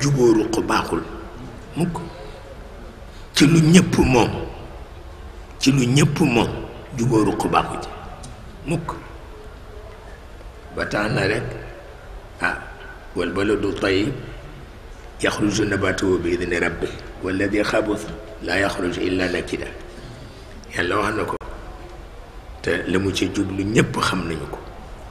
djuboru ko baxul mukk ci lu ñëpp moom ci lu ñëpp moom djuboru ko baxu ci mukk ba na rek ah wal baladu tayyib yakhruju nabatu bi idni rabbi wal ladhi xabus la yakhruju illa nakida yàlla wax na te lamu mu ci jublu ñëpp xam nañu ko